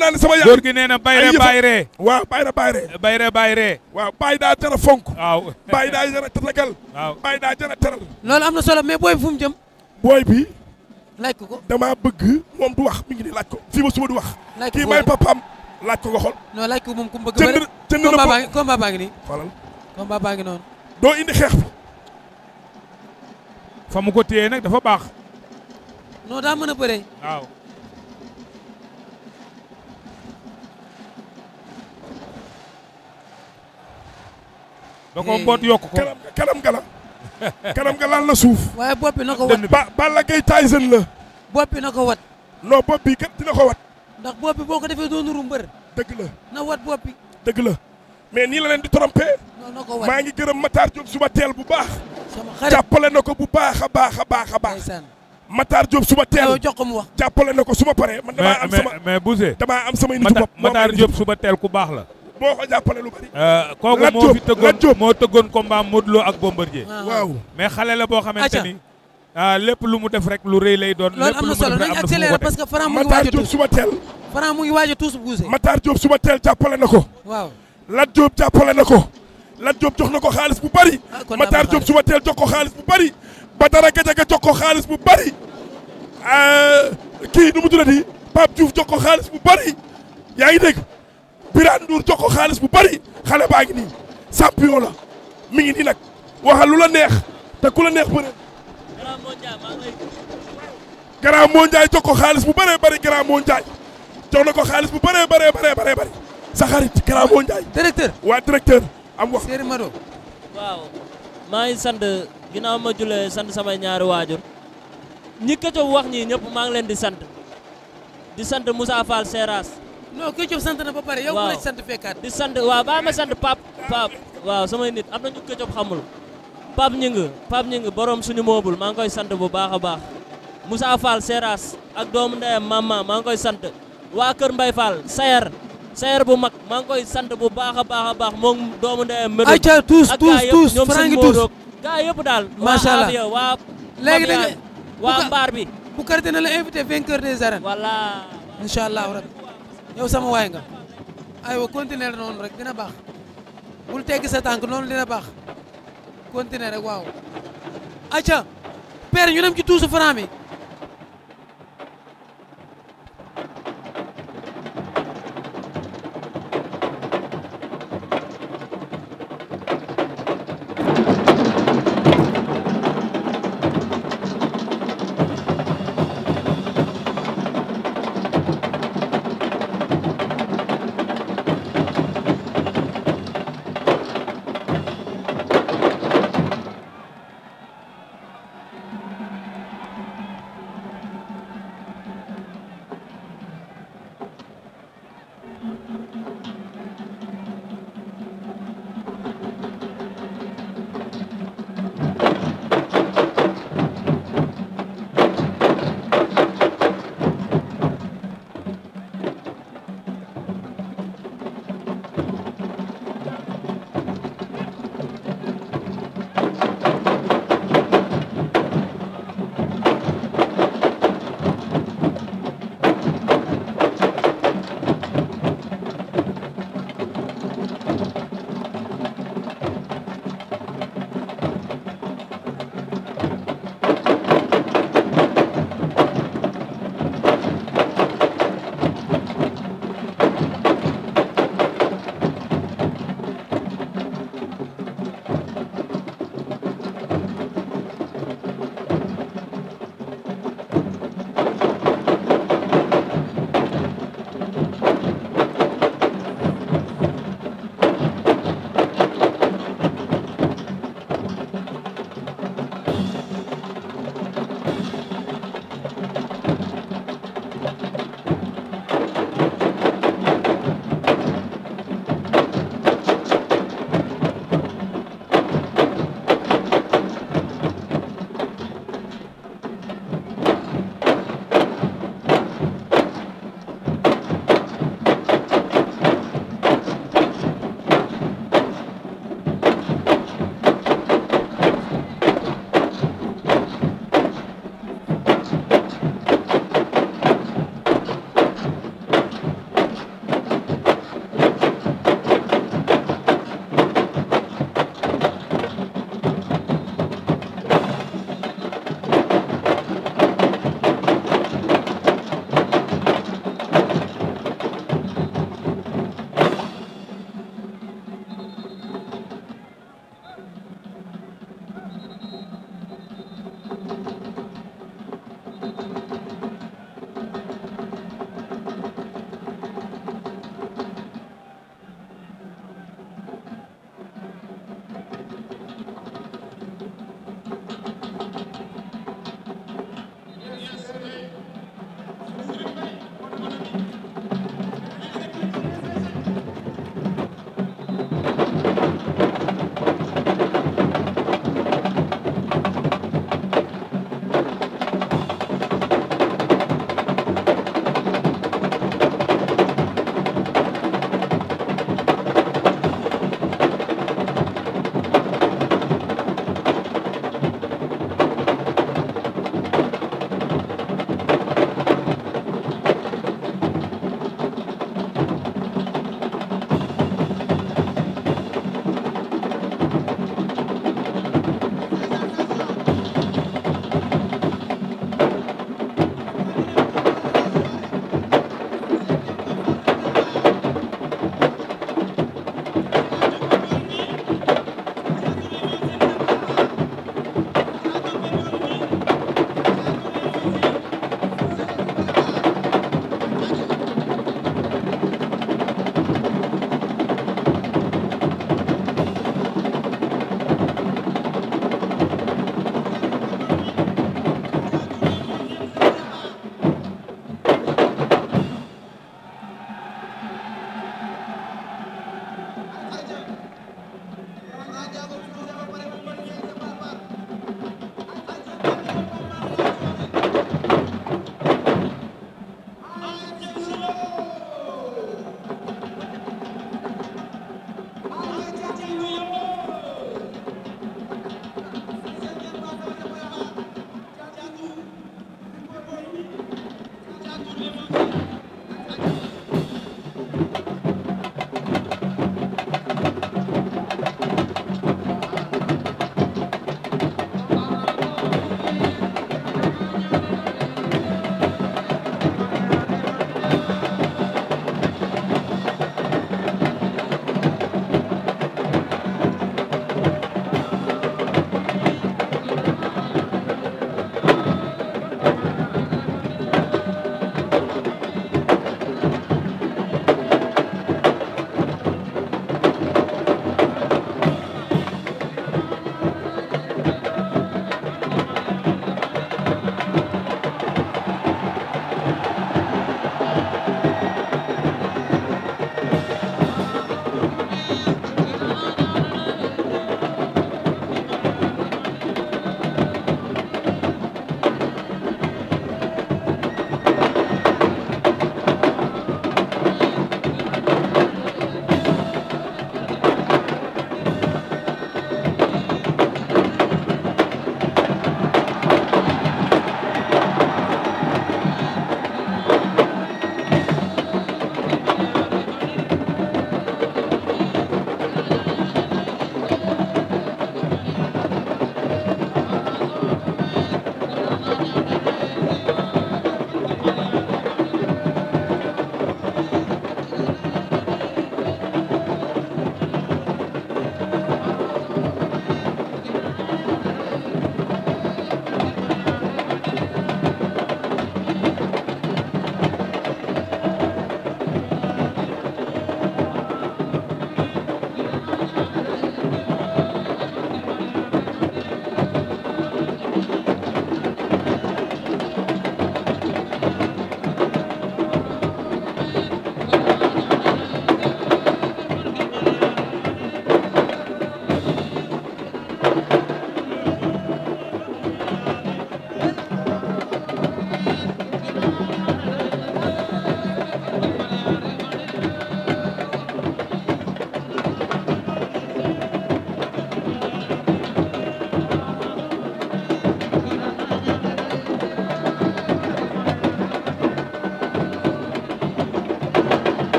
naa ne sama nee na bayre bayre waaw bayre bayre bayre bayre daa jara fonk waaw bàyyi daa jara tatagal waaw am na solo mais booy bi fu jëm booy bi laaj ko ko damaa bëgg moom du wax mi ngi ni laaj ko fii ba suba du wax kii may papaam laaj ko nga xool laaj ko moom ku bëgg bëri jënd baa ngi nii xoolal combat baa ngi noonu doo indi xeex fa mu ko téye nag dafa baax non daa mën a bëree da koo boot yokk ko kanam gala kanam ga laal la suuf. waaye bopp bi na ko wat ba Balla Gaye Tyson la. bopp bi na ko wat. non bopp bi kat dina ko wat. ndax bopp boo ko defee doo nuru bar dëgg la na wat bopp bi. dëgg la mais nii la leen di trompé. ko maa ngi gërëm Matar Diop suba teel bu baax. sama xarit jàppale na ko bu baax a baax a baax a baax. Matar Diop suba teel yow jox ko mu wax. jàppale na ko suba pare man damaa am sama mais mais Bouzé damaa am sama nit bopp suba teel ku baax la. boo ko jàppale lu bari. Euh, kooku moo fi tëggoon moo tëggoon combat Modou Lo ak Bombardier. waaw mais xale la boo xamante ni. Euh, lépp lu mu def rek lu rëy lay doon. lépp lu mu def rek am na fu mu ko teg loolu am na solo nañu accéléré parce que Franc mu ngi waaj a tuus suba teel. Franc mu ngi waaj a tuus bouse. Matar Diop suba teel jàppale na ko. waaw Lat Diop jàppale na ko. Lat Diop jox na ko xaalis bu bari. Ah, Matar Diop suba teel jox ko xaalis bu bari. Badara Gajaga jox ko xaalis bu bari. Euh, kii nu mu tuddati Pape Diouf jox ko xaalis bu bari yaa ngi dégg Birane Ndour jox ko xaalis bu bari xale baa ngi nii champion la mi ngi nii nag waxal lu la neex te ku la neex bëre. Grand Mon Ndiaye maa jox ko xaalis bu bëree bëri Grand Mon Ndiaye jox na ko xaalis bu bëree bëree bëree bëri saxarit xarit Grand Mon Ndiaye. waa directeur am wax. maa ngi sant ginnaaw ma julee sant samay ñaari waajur ñi ko wax ñii ñëpp maa ngi leen di sant di sant Moussa Fall Seras. non Kër sant na ba pare. yow mu la sant fekkaat. di sant waaw sant pap pap waaw samay nit am na ñu Kër Diop xamul. pap ñi ngi pap ñi ngi borom suñu moobul maa ngi koy sant bu baax a baax. Moussa Fall Seras ak doomu ndeyam mama maa ngi koy sant. waa Kër Mbay Fall Sayer. sayer bu mag maa ngi koy sant bu baax a baax a baax moom doomu ndeyam melu. ayca tuus tuus tuus frangi ak gaa yëpp daal. macha allah waa waa. léegi da nga waa mbaar bi. bu karite na la invité vainqueur des arènes. voilà. incha allah rabbi. yow sama waay nga aywa continuer noonu rek dina baax wul teggi sa tànk noonu dina baax continuer rek waaw acca père ñu dem ci tuusu franc mi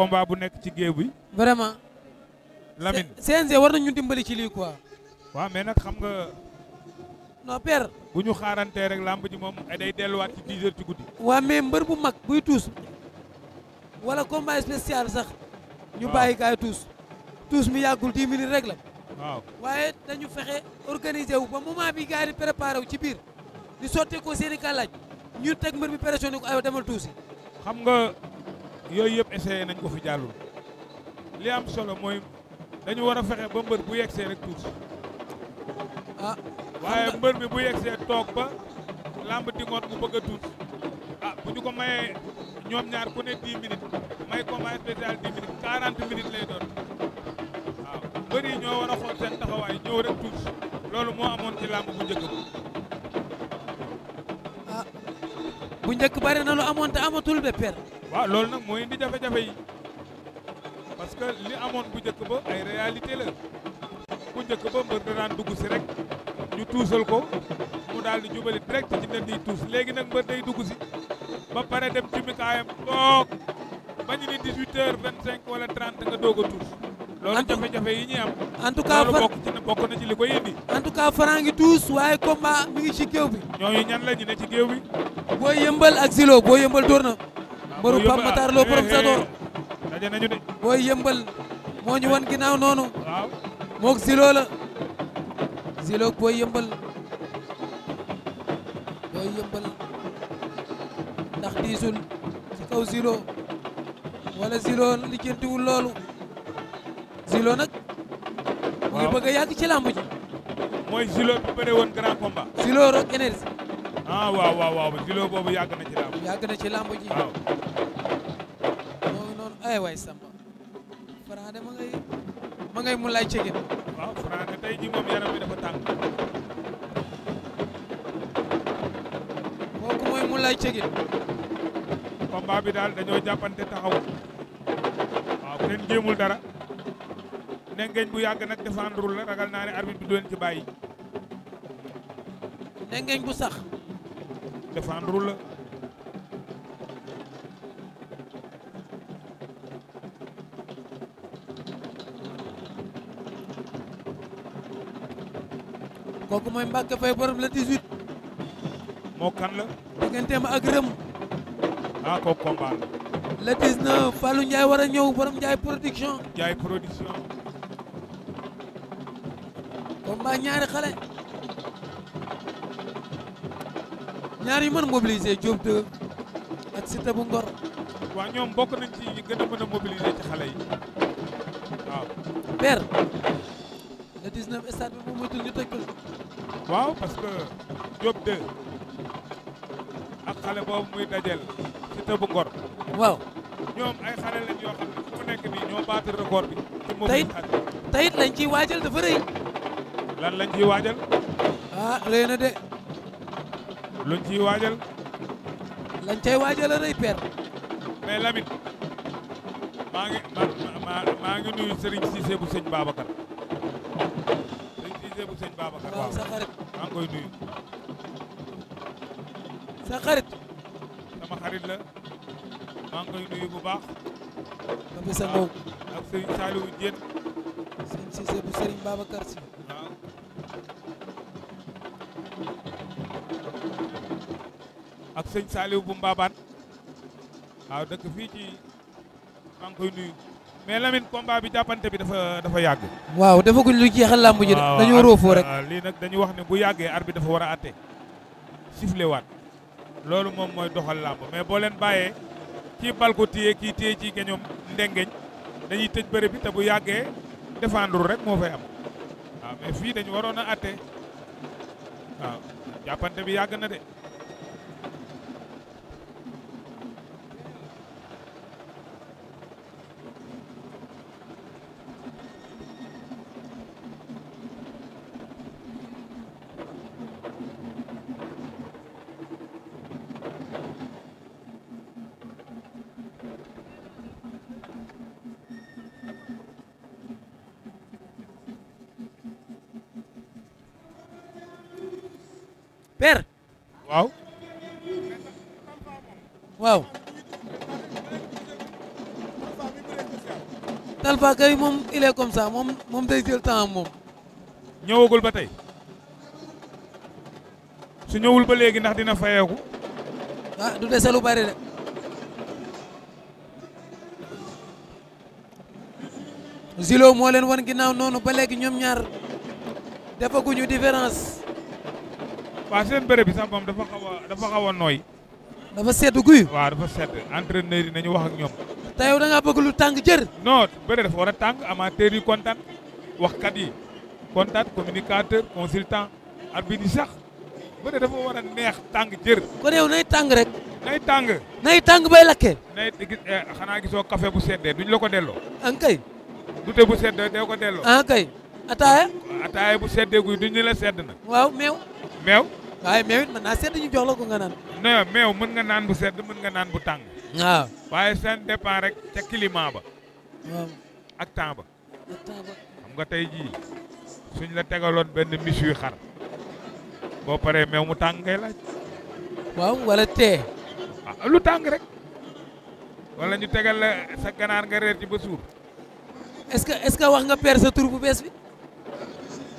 combat bu nekk ci géew bi. vraiment. Lamine CNG war nañu dimbali ci lii quoi. waaw mais nag xam nga. non bu ñu xaarantee rek lamb ji moom day delluwaat ci 10 heures ci guddi. waaw mais mbër bu mag buy tuus. wala combat spécial sax. ñu bàyyi gaay tuus. tuus mi yàggul 10 rek la. waaw waaye dañu fexe organiser wu ba moment bi gaay di préparé wu ci biir. di sotte ko seen i kàllaaj ñu teg mbër bi pressionné ko aywa demal tuusi. xam nga. yooyu yëpp essayé nañ ko fi jàllul li am solo mooy dañu war a fexe ba mbër bu yegsee rek tuuti ah waaye mbër mi bu yegsee toog ba làmb dingoot mu bëgg a tuuti ah, bu ñu ko mayee ñoom ñaar ku ne 10 minutes may combat spécial 10 minutes 40 minutes lay doon waaw mbër yi ñoo war a xool seen taxawaay ñëw rek tuuti loolu moo amoon ci làmb bu njëkk ah bu njëkk bari na lu amoon te amatul be waaw loolu nag mooy indi jafe-jafe yi parce que li amoon bu njëkk ba ay réalité la bu njëkk ba mbër da daan dugg si rek ñu tuusal ko mu daal di jubali direct ci nen yi tuus léegi nag mbër day dugg si ba pare dem jumikaayam toog bañu ni 18 heures 25 wala 30 nga doog a tuus loolu jafe-jafe yi ñuy am en tout cas loolu na ci li koy indi en tout cas Franc ngi tuus waaye combat mi ngi ci géew bi ñooñu ñan la ñu ne ci géew bi boo yëmbal ak silo boo yëmbal dóor na mbëru Pape Matar Lo borom Sador booy yëmbal moo ñu wan ginnaaw noonu moog Zilo la Zilo booy yëmbal booy yëmbal ndax diisul ci kaw Zilo wala Zilo lijjantiwul loolu Zilo nag mu ngi bëgg a yàgg ci làmb ji mooy Zilo bi bëre woon grand combat Zilo rek énergie ah, waaw waaw waaw Zilo boobu yàgg yàgg na ci làmb ji waaw noonu noonu ay waay samba Franc de ngay mu lay cegin waaw Franc tey ji moom bi dafa tàng kooku mooy mu lay cegin combat bi daal dañoo jàppante taxaw waaw kenn jéemul dara nengeñ bu yàgg nag défendrul la ragal naa ne arbitre bi du leen ci bàyyi nengeñ bu sax défendrul la kooku mooy Mbacke Faye borom la 18. moo kan la. digganteem ak Rëm. ah kooku combat la. le 19 Fallou Ndiaye war a borom Ndiaye production. Ndiaye production. combat ñaari xale. ñaar yu mën mobiliser Diop 2 ak Siteu Ngor. waaw ñoom bokk nañ ci ñi gën a mën a mobiliser ci xale yi waaw. père. 19 stade bi bu waaw parce que Diop 2 ak xale boobu muy dajel ci tëbu ngor. waaw. ñoom ay xale lañ yoo xam nekk nii ñoo battre record bi. ci moom tayit lañ ciy waajal dafa rëy. lan lañ ciy waajal. ah rëy na de. luñ ciy waajal. lañ cay waajal a rëy père. mais Lamine maa ngi maa maa ngi nuyu Serigne Cissé bu sëñ Babacar. comité bu sa xarit maa ngi koy nuyu sa xarit sama xarit la maa ngi nuyu bu baax Pape Issa Mbow ak sëñ Saliou Diène sëñ Cissé bu sëñ Babacar si waaw ak sëñ Saliou bu Mbabane waaw dëkk fii maa ngi nuyu mais Lamine combat bi jàppante bi dafa dafa yàgg. waaw dafa guñ lu jeexal làmb ji dañoo roofoo rek. lii nag dañu wax ne bu yàggee bi dafa war a àtte sifflé loolu moom mooy doxal làmb mais boo leen bàyyee kii bal ko téye kii téye ci geñoom ndengeñ dañuy tëj bëre bi te bu yàggee défendre rek moo fay am waaw mais fii dañu waroon a àtte waaw jàppante bi yàgg na de. père. waaw. waaw. Talfa kay moom il comme ça moom moom day jël temps moom. ñëwagul ba tey. su ñëwul ba léegi ndax dina fayeeku. ah du dese lu bari de. Zilo moo leen wan ginnaaw noonu ba léegi ñoom ñaar defaguñu différence. waaw seen bëre bi sax moom dafa xaw a dafa xaw a nooy. dafa sedd guy. waa dafa sedd entraîneur yi nañu wax ak ñoom. te yow da ngaa bëgg lu tàng jër. non bëre dafa war a tàng amateur kontan kontaan waxkat yi kontaan communicateur consultant arbitre yi sax bëre dafa war a neex tàng jër. kon yow nay tàng rek. nay tàng. nay tàng bay lakkee. nay gis eh, xanaa gisoo café bu seddee duñ la ko delloo. an kay. dute bu seddee dee ko delloo. an kay ataaya. ataaya bu seddee guy duñ la sedd na. waaw meew. waaye meew it mën naa sedd ñu jox la ko meew mën nga naan bu sedd mën nga naan bu tàng. waaw waaye seen dépend rek ca climat ba. ak temps ba. ak temps ba xam nga tey jii suñ la tegaloon benn miche yu xar boo paree meew mu tàng ngay laaj. waaw wala tee. Ah, lu tàng rek. wala ñu tegal la sa ganaar nga reer ci ba suur. est-ce que est-ce que wax nga père sa tur bu bees bi.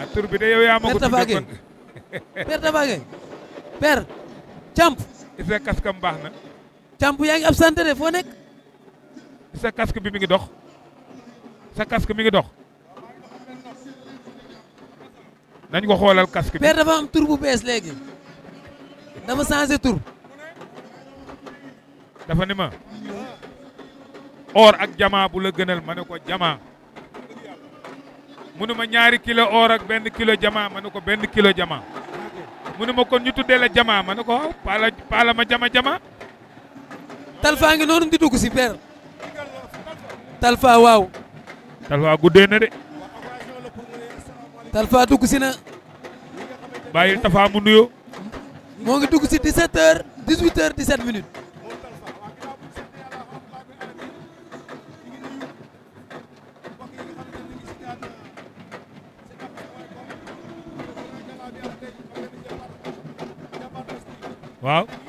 ah tur bi de yow yaa ma ko père Tapha Gueye père camp sa casque am baax na camp yaa ngi absenté de foo nekk sa casque bi mi ngi dox sa casque mi ngi dox nañ ko xoolal casque bi père dafa tur bu bees léegi dafa changé tur dafa ni ma or ak jama bu la gënal ma ne ko jama mu ne ma ñaari kilo or ak benn kilo jama ma ne ko benn kilo mu ne ma kon ñu tuddee la jama ma ne ko paala paala ma jama jama. talfa ngi noonu di dugg si per. talfa waaw. talfa guddee na de. talfa dugg si na. bàyyil tafa mu nuyoo. moo ngi dugg si 17 heures 18 heures 17 minutes. waaw